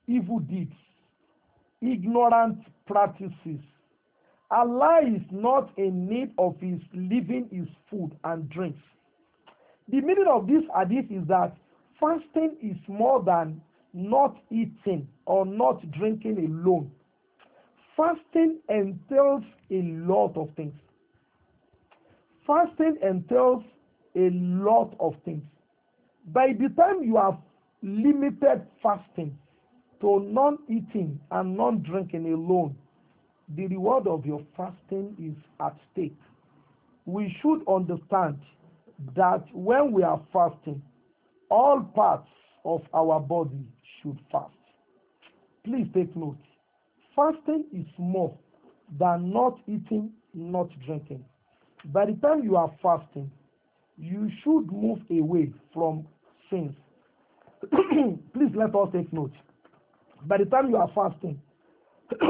evil deeds, ignorant practices. Allah is not in need of his living his food and drinks. The meaning of this hadith is that fasting is more than not eating or not drinking alone. Fasting entails a lot of things. Fasting entails a lot of things. By the time you have limited fasting, to non-eating and non-drinking alone, the reward of your fasting is at stake. We should understand that when we are fasting, all parts of our body should fast. Please take note. Fasting is more than not eating, not drinking. By the time you are fasting, you should move away from sins. Please let us take note by the time you are fasting,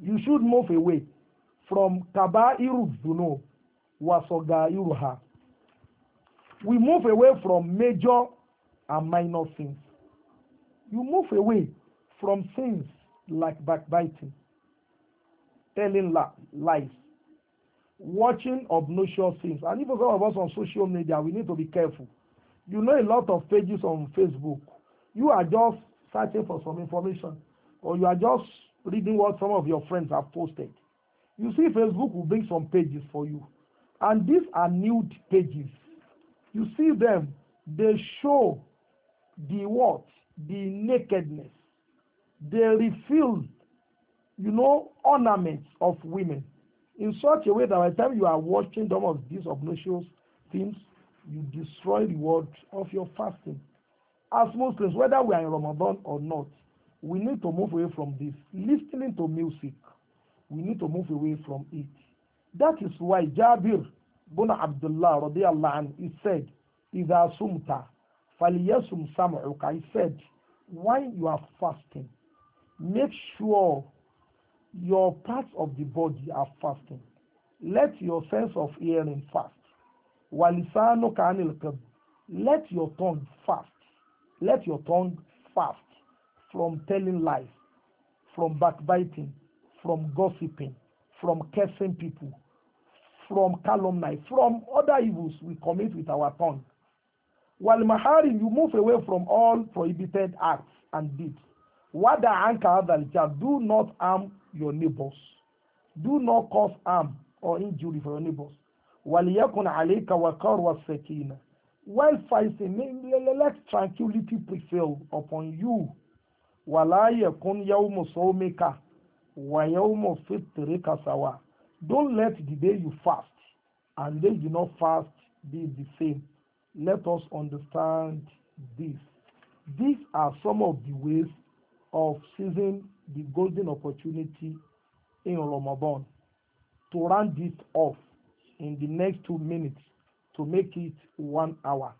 you should move away from kabairu zuno Iruha. We move away from major and minor sins. You move away from sins like backbiting, telling lies, watching obnoxious things. And even some of us on social media, we need to be careful. You know a lot of pages on Facebook. You are just searching for some information, or you are just reading what some of your friends have posted. You see, Facebook will bring some pages for you. And these are nude pages. You see them, they show the what? The nakedness. They reveal, you know, ornaments of women in such a way that by the time you are watching some of these obnoxious things, you destroy the word of your fasting as Muslims, whether we are in Ramadan or not, we need to move away from this. Listening to music, we need to move away from it. That is why Jabir bin Abdullah radiallahu anhu, he said, إِذَا سُمْتَ faliyasum سَمْعُكَ He said, "While you are fasting, make sure your parts of the body are fasting. Let your sense of hearing fast. وَلِسَانُكَ عَنِ Let your tongue fast. Let your tongue fast from telling lies, from backbiting, from gossiping, from cursing people, from calumny, from other evils we commit with our tongue. While maharim, you move away from all prohibited acts and deeds. Wada anka do not harm your neighbors. Do not cause harm or injury for your neighbors. وَلْيَكُنْ عَلَيْكَ وَقَرْ وَالسَّكِينَةِ while fasting let tranquility prevail upon you wala yakun yawmu sawmika don't let the day you fast and day you not fast be the same let us understand this these are some of the ways of seizing the golden opportunity in Ramadan to round this off in the next two minutes to make it one hour.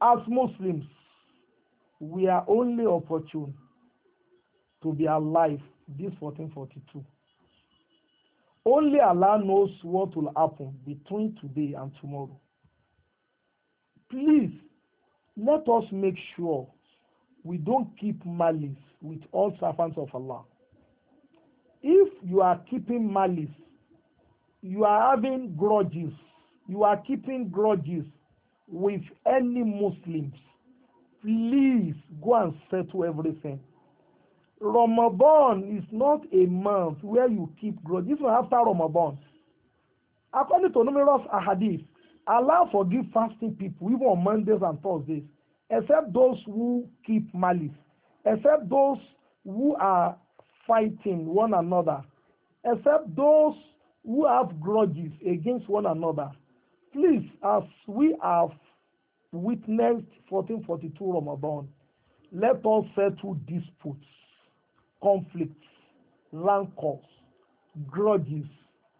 As Muslims, we are only opportune to be alive this 1442. Only Allah knows what will happen between today and tomorrow. Please, let us make sure we don't keep malice with all servants of Allah. If you are keeping malice, you are having grudges you are keeping grudges with any Muslims, please go and settle everything. Ramadan is not a month where you keep grudges. Even after Ramadan, according to numerous ahadith, Allah forgive fasting people even on Mondays and Thursdays, except those who keep malice, except those who are fighting one another, except those who have grudges against one another Please, as we have witnessed 1442 Ramadan, let us settle disputes, conflicts, rancors, grudges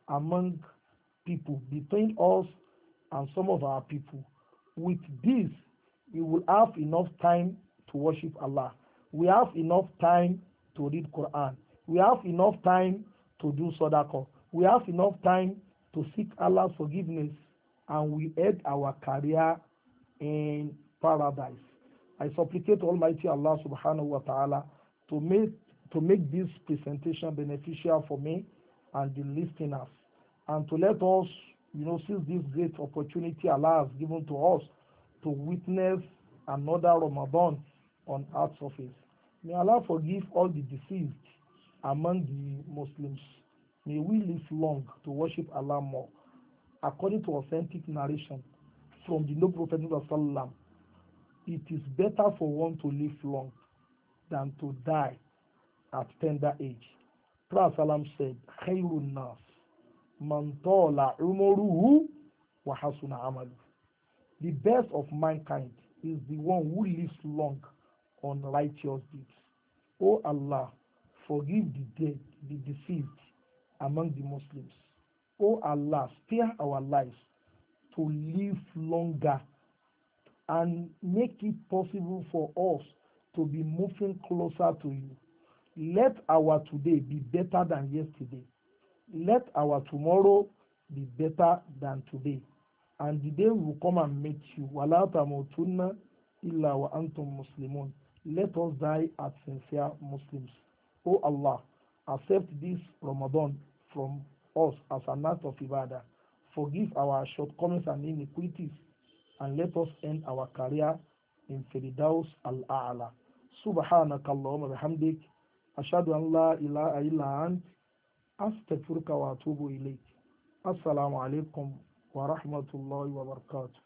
among people, between us and some of our people. With this, we will have enough time to worship Allah. We have enough time to read Quran. We have enough time to do sadaqah. We have enough time to seek Allah's forgiveness and we end our career in paradise. I supplicate Almighty Allah subhanahu wa ta'ala to make, to make this presentation beneficial for me and the listeners and to let us, you know, seize this great opportunity Allah has given to us to witness another Ramadan on Earth's surface. May Allah forgive all the deceased among the Muslims. May we live long to worship Allah more according to authentic narration from the noble prophet Muhammad it is better for one to live long than to die at tender age. Prophet Salam said, Khairun nas man tala umuruhu wa hasuna amalu. The best of mankind is the one who lives long on righteous deeds. O Allah, forgive the dead, the deceased among the Muslims O oh Allah, spare our lives to live longer and make it possible for us to be moving closer to you. Let our today be better than yesterday. Let our tomorrow be better than today. And the day will come and meet you. وَلَا تَمُوتُنَّ إِلَّا antum muslimun. Let us die as sincere Muslims. O oh Allah, accept this Ramadan from us as an act of ibadah. Forgive our shortcomings and iniquities, and let us end our career in Firdaus al-A'la. سبحانك اللهم وبحمدك أشهد أن لا إله إلا أنت أستغفرك وأتوب إليك السلام عليكم ورحمة الله وبركاته